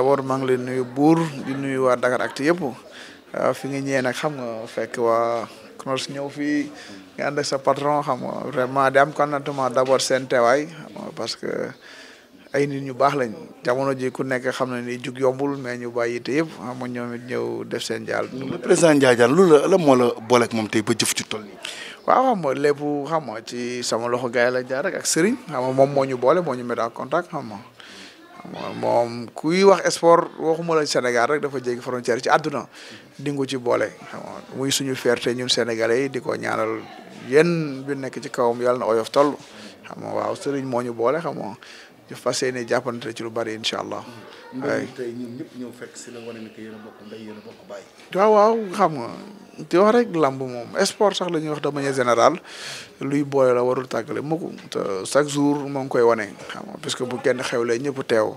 d'abord maa ngi leen nuyu buur di nuyu waa Dakaractu yëpp fi ngi ñëwee nag xam nga fekk waa CNOSS ñëw fii nga ànd sa patron xam nga vraiment di am contentement d'abord seen teewaay parce que ay nit ñu baax lañ jamono ji ku nekk xam na ni jug yombul mais ñu bàyyi te yëpp xam nga def seen jaal. le président Ndiaye la la moo moom tey ba jëf ci tool yi. waaw xam nga ci sama loxo gars jaar ak Serigne xam nga moom moo ñu boole moo ñu mettre contact xam moom kuy wax sport waxuma la Sénégal rek dafa jéggi frontière ci adduna mm-hmm. di nga ci boole xam muy suñu fierté ñun sénégalais yi di ko ñaanal yéen bi nekk ci kawam yàlla oyof tol xam waaw sëriñ moo ñu boole xam nga ñu fas yéene jàppante ci lu bari incha allah. waaye mm-hmm. ñëw fekk si la wane ni que yéen a bokk ndey waaw waaw xam di wax rek làmb moom sport sax la ñuy wax de manière général luy booy la warul tàggale mukk te chaque jour moo ngi koy wane parce que puisque bu xew xewlee ñëpp teew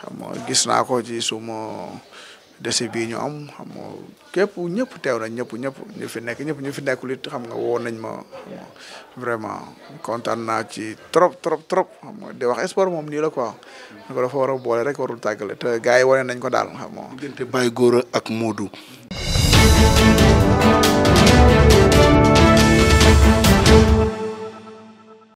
xam nga gis naa ko ci suma dese bii ñu am xam nga képp ñëpp teew nañ ñëpp ñëpp ñu fi nekk ñëpp ñu fi nekkul it xam nga woo nañ ma vraiment kontaan naa ci trop trop trop xam nga di wax sport moom nii la quoi. da ko war a boole rek warul tàggale te gars yi wane nañ ko daal xam nga. diggante Baye ak Modou.